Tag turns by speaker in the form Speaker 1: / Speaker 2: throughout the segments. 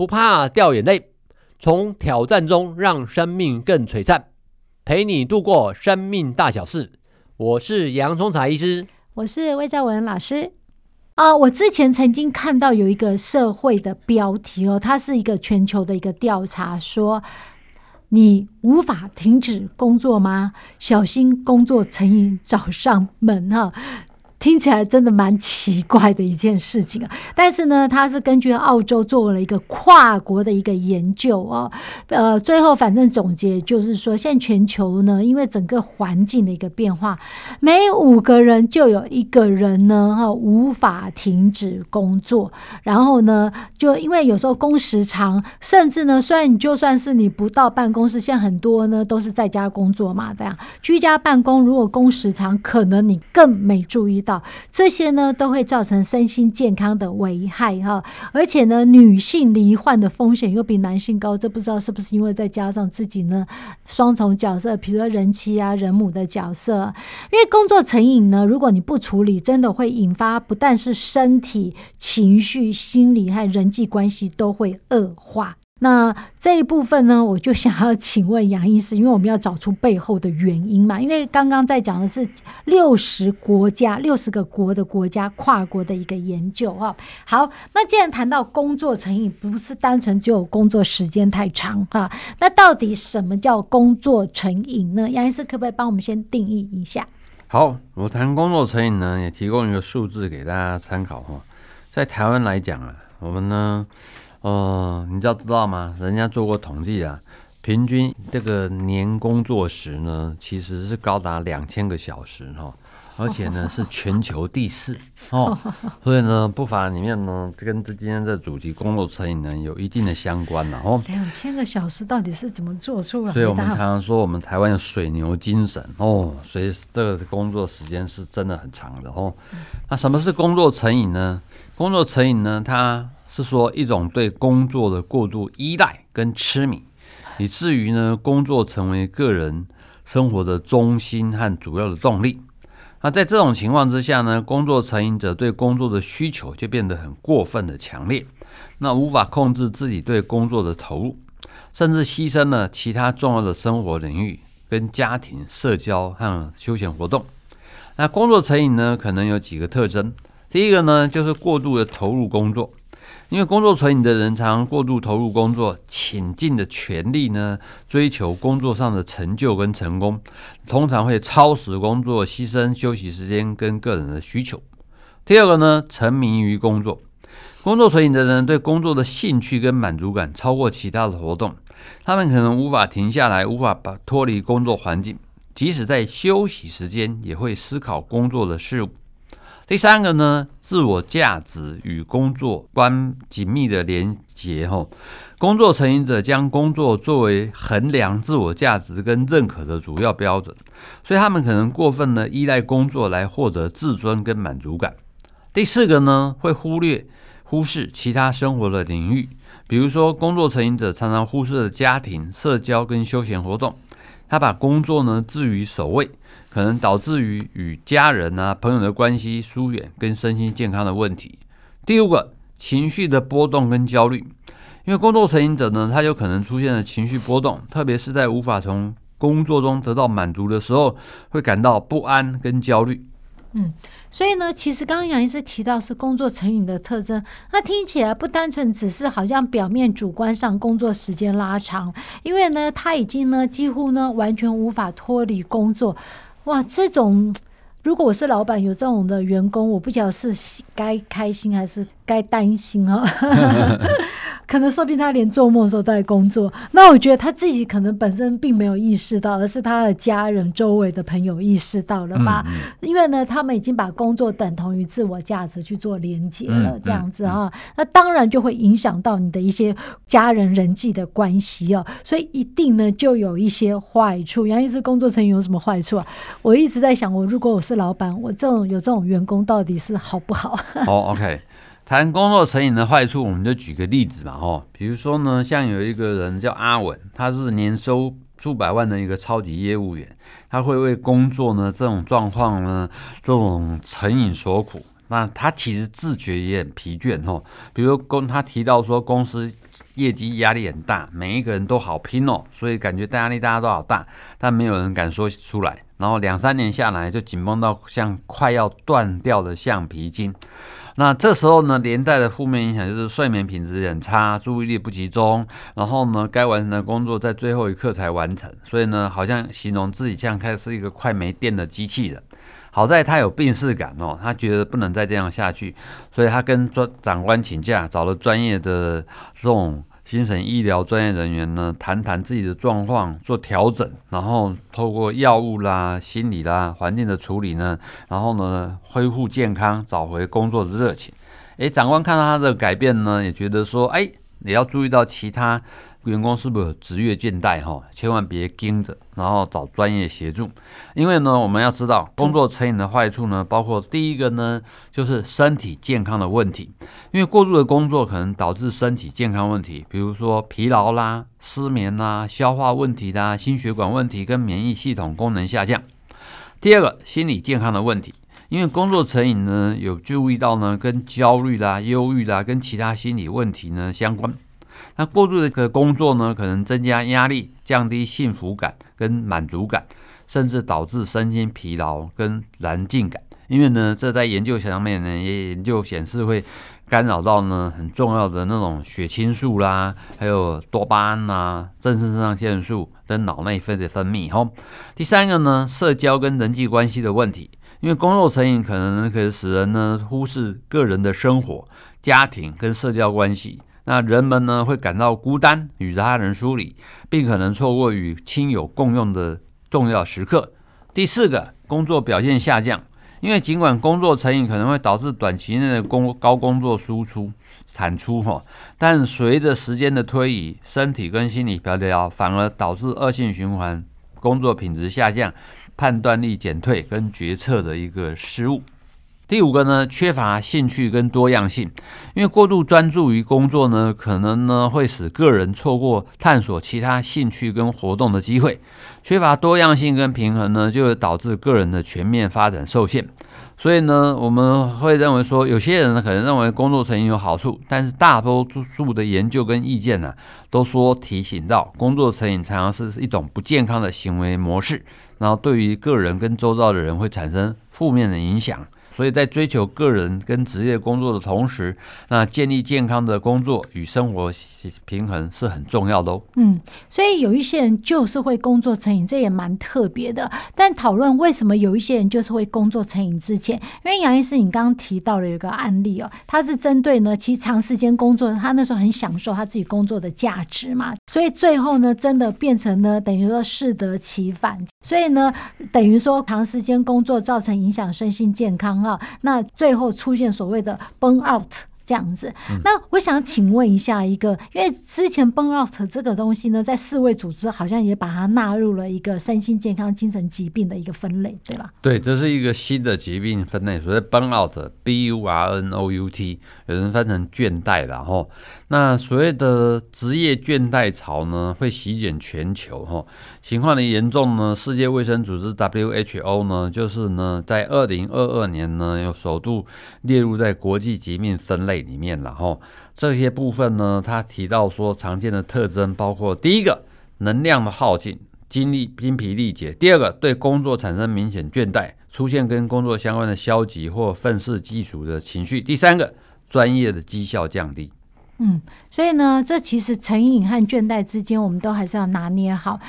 Speaker 1: 不怕掉眼淚，從挑戰中讓生命更璀璨，陪你度過生命大小事。我是楊聰財醫
Speaker 2: 師，我是魏兆玟老師。啊，我之前曾經看到有一個社會的標題哦，它是一個全球的一個調查，說你無法停止工作嗎？小心工作成癮找上門啊！聽起來真的蠻奇怪的一件事情啊！但是呢，他是根據澳洲做了一個跨國的一個研究哦。呃，最後反正總結就是說，現在全球呢，因為整個環境的一個變化，每五個人就有一個人呢，哈、哦，無法停止工作。然後呢，就因為有時候工時長，甚至呢，雖然你就算是你不到辦公室，現在很多呢都是在家工作嘛，這樣居家辦公，如果工時長，可能你更沒注意到。這些呢都會造成身心健康的危害哈，而且呢，女性罹患的風險又比男性高，這不知道是不是因為再加上自己呢雙重角色，比如說人妻啊、人母的角色，因為工作成癮呢，如果你不處理，真的會引發不但是身體、情緒、心理和人際關係都會惡化。那這一部分呢，我就想要請問楊醫師，因為我們要找出背後的原因嘛。因為剛剛在講的是六十國家、六十個國的國家跨國的一個研究哈。好，那既然談到工作成癮，不是單純只有工作時間太長哈，那到底什麼叫工作成癮呢？楊醫師可不可以幫我們先定義一下？
Speaker 1: 好，我談工作成癮呢，也提供一個數字給大家參考哈。在台灣來講啊，我們呢。呃、嗯，你知道知道嗎？人家做過統計啊，平均這個年工作時呢，其實是高達兩千個小時哦，而且呢是全球第四 哦，所以呢，不乏裡面呢，跟這今天這主題工作成癮呢有一定的相關然、啊、哦。兩
Speaker 2: 千個小時到底是怎麼做出來的？所以，我們常
Speaker 1: 常說我們台灣有水牛精神哦，所以這個工作時間是真的很長的哦。那什麼是工作成癮呢？工作成癮呢，它。是說一種對工作的過度依賴跟癡迷，以至於呢，工作成為個人生活的中心和主要的動力。那在這種情況之下呢，工作成癮者對工作的需求就變得很過分的強烈，那無法控制自己對工作的投入，甚至犧牲了其他重要的生活領域跟家庭、社交和休閒活動。那工作成癮呢，可能有幾個特徵，第一個呢，就是過度的投入工作。因為工作成癮的人常過度投入工作，傾盡的全力呢，追求工作上的成就跟成功，通常會超時工作，犧牲休息時間跟個人的需求。第二個呢，沉迷於工作，工作成癮的人對工作的興趣跟滿足感超過其他的活動，他們可能無法停下來，無法把脫離工作環境，即使在休息時間也會思考工作的事務。第三個呢，自我價值與工作觀緊密的連結，吼，工作成癮者將工作作為衡量自我價值跟認可的主要標準，所以他們可能過分的依賴工作來獲得自尊跟滿足感。第四個呢，會忽略忽視其他生活的領域，比如說工作成癮者常常忽視的家庭、社交跟休閒活動。他把工作呢置於首位，可能導致於與家人啊、朋友的關係疏遠，跟身心健康的問題。第五個，情緒的波動跟焦慮，因為工作成癮者呢，他有可能出現了情緒波動，特別是在無法從工作中得到滿足的時候，會感到不安跟焦慮。
Speaker 2: 嗯，所以呢，其實剛剛楊醫師提到是工作成癮的特徵，那聽起來不單純只是好像表面主觀上工作時間拉長，因為呢，他已經呢幾乎呢完全無法脫離工作，哇，這種如果我是老闆，有這種的員工，我不曉得是該開心還是該擔心哦、啊。 可能，說不定他連做夢的時候都在工作。那我覺得他自己可能本身並沒有意識到，而是他的家人、周圍的朋友意識到了吧、嗯？因為呢，他們已經把工作等同於自我價值去做連接了，嗯、這樣子啊、嗯，那當然就會影響到你的一些家人、人際的關係哦。所以一定呢，就有一些壞處。楊醫師，工作成癮有什麼壞處啊？我一直在想，我如果我是老闆，我這種有這種員工到底是好不好？
Speaker 1: 哦，OK。談工作成癮的壞處，我們就舉個例子嘛，吼，比如說呢，像有一個人叫阿文，他是年收數百萬的一個超級業務員，他會為工作呢這種狀況呢這種成癮所苦。那他其實自覺也很疲倦吼、哦，比如公他提到說公司業績壓力很大，每一個人都好拼哦，所以感覺大壓力大家都好大，但沒有人敢說出來。然後兩三年下來就緊繃到像快要斷掉的橡皮筋。那這時候呢，連帶的負面影響就是睡眠品質很差，注意力不集中，然後呢，該完成的工作在最後一刻才完成，所以呢，好像形容自己這樣開始是一個快沒電的機器人。好在他有病識感哦，他覺得不能再這樣下去，所以他跟專長官請假，找了專業的這種。精神醫療專業人員呢，談談自己的狀況，做調整，然後透過藥物啦、心理啦、環境的處理呢，然後呢恢復健康，找回工作的熱情。誒、欸，長官看到他的改變呢，也覺得說，誒、欸，你要注意到其他。員工是不是有職業倦怠？哈，千萬別盯着，然後找專業協助。因為呢，我們要知道工作成癮的壞處呢，包括第一個呢，就是身體健康的問題，因為過度的工作可能導致身體健康問題，比如說疲勞啦、失眠啦、消化問題啦、心血管問題跟免疫系統功能下降。第二個，心理健康的問題，因為工作成癮呢，有注意到呢，跟焦慮啦、憂鬱啦、跟其他心理問題呢相關。那過度的工作呢，可能增加壓力，降低幸福感跟滿足感，甚至導致身心疲勞跟燃盡感。因為呢，這在研究上面呢，也，也研究顯示會干擾到呢很重要的那種血清素啦，還有多巴胺啊、正腎上腺素跟腦內啡的分泌。哦。第三個呢，社交跟人際關係的問題，因為工作成癮可能呢可以使人呢忽視個人的生活、家庭跟社交關係。那人們呢，會感到孤單，與他人疏離，並可能錯過與親友共用的重要時刻。第四個，工作表現下降，因為儘管工作成癮可能會導致短期內的工高工作輸出產出哈，但隨着時間的推移，身體跟心理疲勞反而導致惡性循環，工作品質下降，判斷力減退跟決策的一個失誤。第五個呢，缺乏興趣跟多樣性。因為過度專注於工作呢，可能呢會使個人錯過探索其他興趣跟活動的機會。缺乏多樣性跟平衡呢，就會導致個人的全面發展受限。所以呢，我們會認為說，有些人呢可能認為工作成癮有好處，但是大多數的研究跟意見呢、啊，都說提醒到，工作成癮常常是一種不健康的行為模式，然後對於個人跟周遭的人會產生負面的影響。所以在追求個人跟職業工作的同時，那建立健康的工作與生活平衡是很重要的
Speaker 2: 哦。嗯，所以有一些人就是會工作成癮，這也蠻特別的。但討論為什麼有一些人就是會工作成癮之前，因為楊醫師你剛剛提到了一個案例哦，他是針對呢，其實長時間工作，他那時候很享受他自己工作的價值嘛，所以最後呢，真的變成呢，等於說適得其反。所以呢，等於說長時間工作造成影響身心健康啊，那最後出現所謂的 burn out。這樣子，那我想請問一下，一個、嗯、因為之前 burnout 這個東西呢，在世衛組織好像也把它納入了一個身心健康、精神疾病的一個分類，對吧？
Speaker 1: 對，這是一個新的疾病分類，所以 burnout，b u r n o u t，有人翻成倦怠，然後那所謂的職業倦怠潮呢，會席捲全球哈、哦。情況的嚴重呢，世界衛生組織 WHO 呢，就是呢，在二零二二年呢，又首度列入在國際疾病分類裡面了哈。這些部分呢，他提到說，常見的特徵包括：第一個，能量的耗盡，精力精疲力竭；第二個，對工作產生明顯倦怠，出現跟工作相關的消極或憤世嫉俗的情緒；第三個，專業的績效降低。
Speaker 2: 嗯，所以呢，這其實成癮和倦怠之間，我們都還是要拿捏好。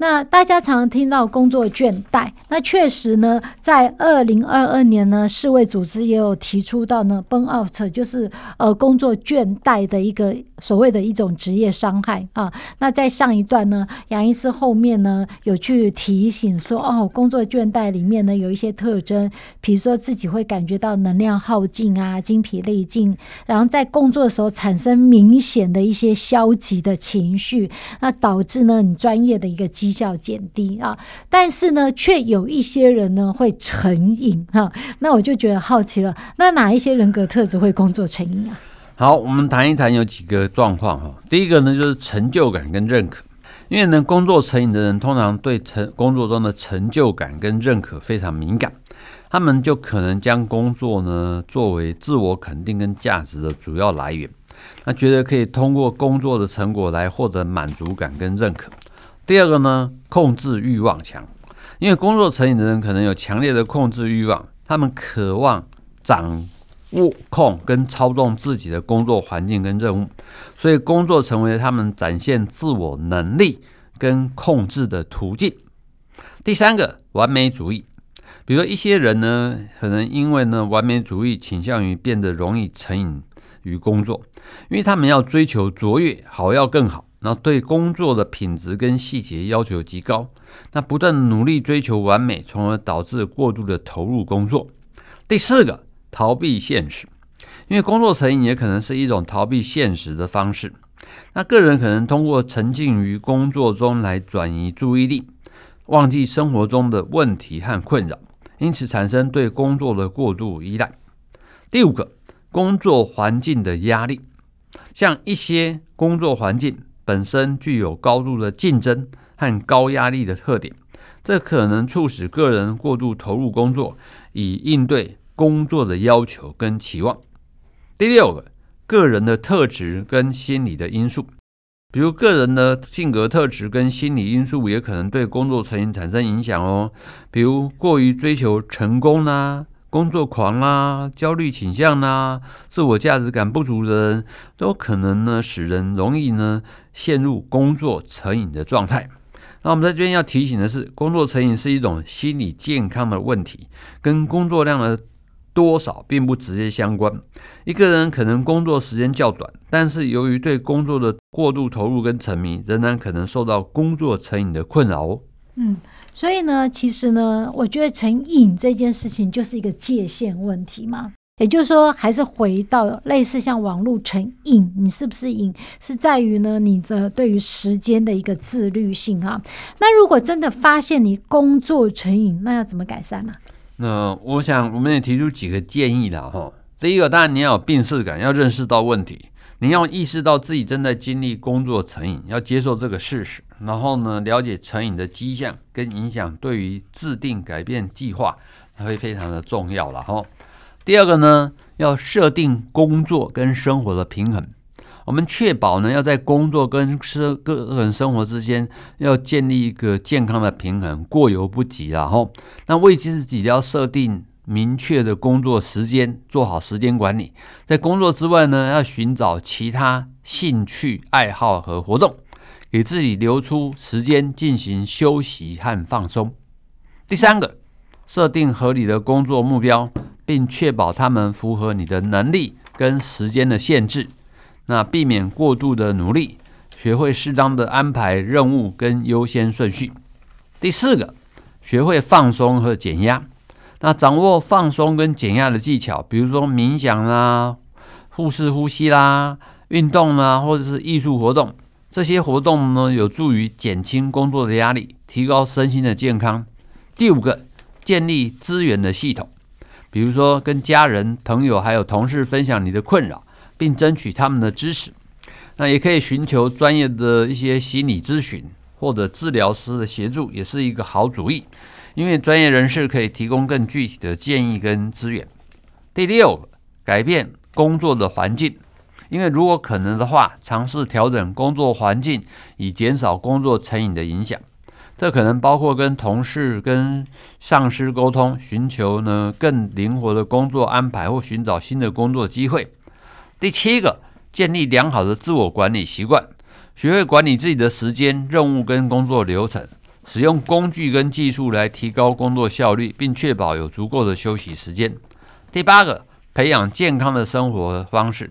Speaker 2: 那大家常聽到工作倦怠，那確實呢，在二零二二年呢，世衛組織也有提出到呢，burnout 就是呃工作倦怠的一個所謂的一種職業傷害啊。那在上一段呢，楊醫師後面呢有去提醒說，哦，工作倦怠裡面呢有一些特徵，比如說自己會感覺到能量耗盡啊，精疲力盡，然後在工作的時候產生明顯的一些消極的情緒，那導致呢你專業的一個積。績效減低啊，但是呢，卻有一些人呢會成癮哈。那我就覺得好奇了，那哪一些人格特質會工作成癮啊？
Speaker 1: 好，我們談一談有幾個狀況哈。第一個呢，就是成就感跟認可，因為呢，工作成癮的人通常對成工作中的成就感跟認可非常敏感，他們就可能將工作呢作為自我肯定跟價值的主要來源，那覺得可以通過工作的成果來獲得滿足感跟認可。第二個呢，控制欲望強，因為工作成癮的人可能有強烈的控制欲望，他們渴望掌握、控跟操縱自己的工作環境跟任務，所以工作成為他們展現自我能力跟控制的途徑。第三個，完美主義，比如說一些人呢，可能因為呢，完美主義傾向於變得容易成癮於工作，因為他們要追求卓越，好要更好。然後對工作的品質跟細節要求極高，那不斷努力追求完美，從而導致過度的投入工作。第四個，逃避現實，因為工作成癮也可能是一種逃避現實的方式。那個人可能通過沉浸於工作中來轉移注意力，忘記生活中的問題和困擾，因此產生對工作的過度依賴。第五個，工作環境的壓力，像一些工作環境。本身具有高度的競爭和高壓力的特點，這可能促使個人過度投入工作，以應對工作的要求跟期望。第六個，個人的特質跟心理的因素，比如個人的性格特質跟心理因素，也可能對工作成癮產生影響哦。比如過於追求成功啦、啊。工作狂啦、啊，焦慮傾向啦、啊，自我價值感不足的人，都可能呢，使人容易呢，陷入工作成癮的狀態。那我們在這邊要提醒的是，工作成癮是一種心理健康的問題，跟工作量的多少並不直接相關。一個人可能工作時間較短，但是由於對工作的過度投入跟沉迷，仍然可能受到工作成癮的困擾。嗯。
Speaker 2: 所以呢，其實呢，我覺得成癮這件事情就是一個界限問題嘛。也就是說，還是回到類似像網絡成癮，你是不是癮，是在於呢，你的對於時間的一個自律性啊。那如果真的發現你工作成癮，那要怎麼改善呢、啊？
Speaker 1: 那我想我們也提出幾個建議啦哈。第一個，當然你要有病識感，要認識到問題，你要意識到自己正在經歷工作成癮，要接受這個事實。然後呢，了解成癮的跡象跟影響，對於制定改變計劃，它會非常的重要了哈。第二個呢，要設定工作跟生活的平衡，我們確保呢要在工作跟生個人生活之間要建立一個健康的平衡，過猶不及了哈。那為自己要設定明確的工作時間，做好時間管理，在工作之外呢，要尋找其他興趣愛好和活動。給自己留出時間進行休息和放鬆。第三個，設定合理的工作目標，並確保他們符合你的能力跟時間的限制，那避免過度的努力，學會適當的安排任務跟優先順序。第四個，學會放鬆和減壓，那掌握放鬆跟減壓的技巧，比如說冥想啦、腹式呼吸啦、運動啦，或者是藝術活動。這些活動呢，有助於減輕工作的壓力，提高身心的健康。第五個，建立資源的系統，比如說跟家人、朋友還有同事分享你的困擾，並爭取他們的支持。那也可以尋求專業的一些心理諮詢或者治療師的協助，也是一個好主意。因為專業人士可以提供更具體的建議跟資源。第六個，改變工作的環境。因為如果可能的話，嘗試調整工作環境，以減少工作成癮的影響。這可能包括跟同事、跟上司溝通，尋求呢更靈活的工作安排或尋找新的工作機會。第七個，建立良好的自我管理習慣，學會管理自己的時間、任務跟工作流程，使用工具跟技術來提高工作效率，並確保有足夠的休息時間。第八個，培養健康的生活方式。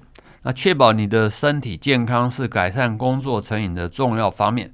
Speaker 1: 確保你的身體健康是改善工作成癮的重要方面，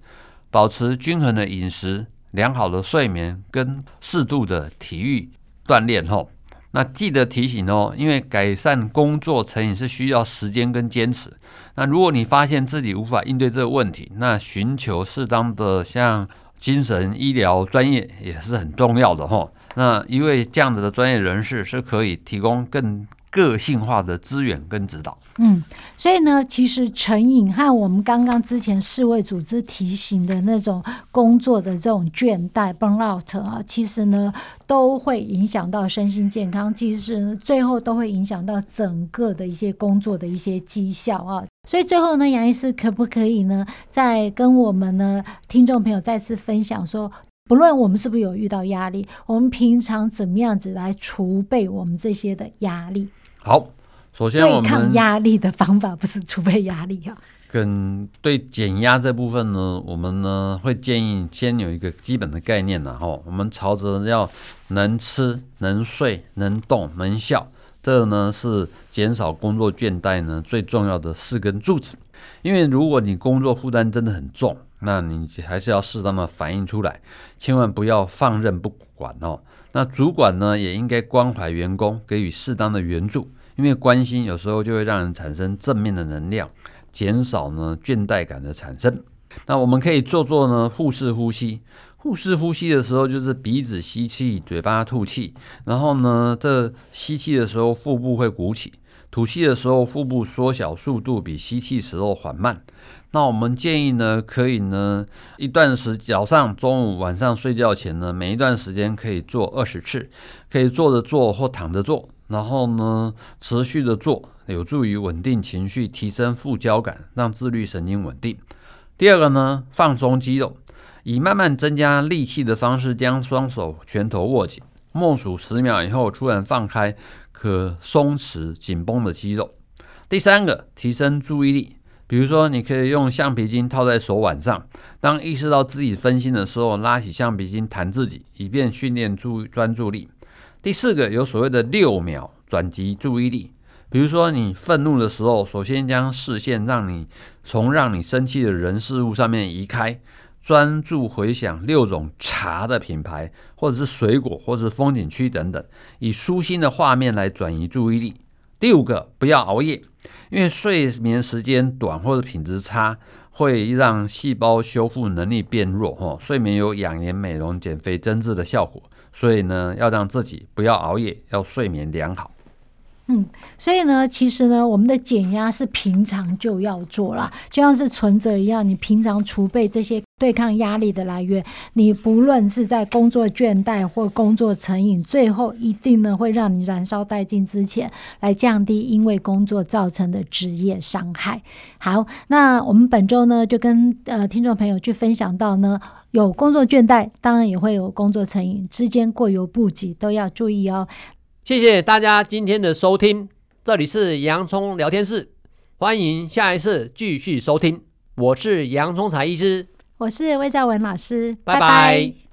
Speaker 1: 保持均衡的飲食、良好的睡眠、跟適度的體育鍛鍊。吼，那記得提醒哦，因為改善工作成癮是需要時間跟堅持。那如果你發現自己無法應對這個問題，那尋求適當的像精神醫療專業也是很重要的。吼，那因為這樣子的專業人士是可以提供更個性化的資源跟指導，
Speaker 2: 嗯，所以呢，其實成癮和我們剛剛之前世衛組織提醒的那種工作的這種倦怠 （burnout） 啊，其實呢都會影響到身心健康，其實呢最後都會影響到整個的一些工作的一些績效啊。所以最後呢，楊醫師可不可以呢，再跟我們呢聽眾朋友再次分享說，不論我們是不是有遇到壓力，我們平常怎麼樣子來儲備我們這些的壓力？
Speaker 1: 好，首先我們抗壓
Speaker 2: 力的方法不是儲備壓力啊。
Speaker 1: 跟對減壓這部分呢，我們呢會建議先有一個基本的概念，然後我們朝着要能吃、能睡、能動、能笑，這個呢是減少工作倦怠呢最重要的四根柱子。因為如果你工作負擔真的很重，那你還是要適當的反應出來，千萬不要放任不管哦。那主管呢，也應該關懷員工，給予適當的援助，因為關心有時候就會讓人產生正面的能量，減少呢倦怠感的產生。那我們可以做做呢腹式呼吸。腹式呼吸的時候，就是鼻子吸氣，嘴巴吐氣。然後呢，這吸氣的時候腹部會鼓起，吐氣的時候腹部縮小，速度比吸氣時候緩慢。那我們建議呢，可以呢，一段時早上、中午、晚上睡覺前呢，每一段時間可以做二十次，可以坐着做或躺着做，然後呢，持續的做，有助於穩定情緒，提升副交感，讓自律神經穩定。第二個呢，放鬆肌肉，以慢慢增加力氣的方式，將雙手拳頭握緊，默數十秒以後突然放開，可鬆弛緊繃的肌肉。第三個，提升注意力。比如說，你可以用橡皮筋套在手腕上，當意識到自己分心的時候，拉起橡皮筋彈自己，以便訓練注專注力。第四個，有所謂的六秒轉移注意力，比如說你憤怒的時候，首先將視線讓你從讓你生氣的人事物上面移開，專注回想六種茶的品牌，或者是水果，或者是風景區等等，以舒心的畫面來轉移注意力。第五個，不要熬夜，因為睡眠時間短或者品質差，會讓細胞修復能力變弱。哦，睡眠有養顏、美容、減肥、增智的效果，所以呢，要讓自己不要熬夜，要睡眠良好。
Speaker 2: 嗯，所以呢，其實呢，我們的減壓是平常就要做啦，就像是存摺一樣，你平常儲備這些對抗壓力的來源，你不論是在工作倦怠或工作成癮，最後一定呢會讓你燃燒殆盡之前，來降低因為工作造成的職業傷害。好，那我們本週呢，就跟呃聽眾朋友去分享到呢，有工作倦怠，當然也會有工作成癮，之間過猶不及，都要注意哦。
Speaker 1: 謝謝大家今天的收聽，這裡是洋蔥聊天室，歡迎下一次繼續
Speaker 2: 收聽。我是楊聰財醫師，我是魏兆玟老師，拜拜。拜拜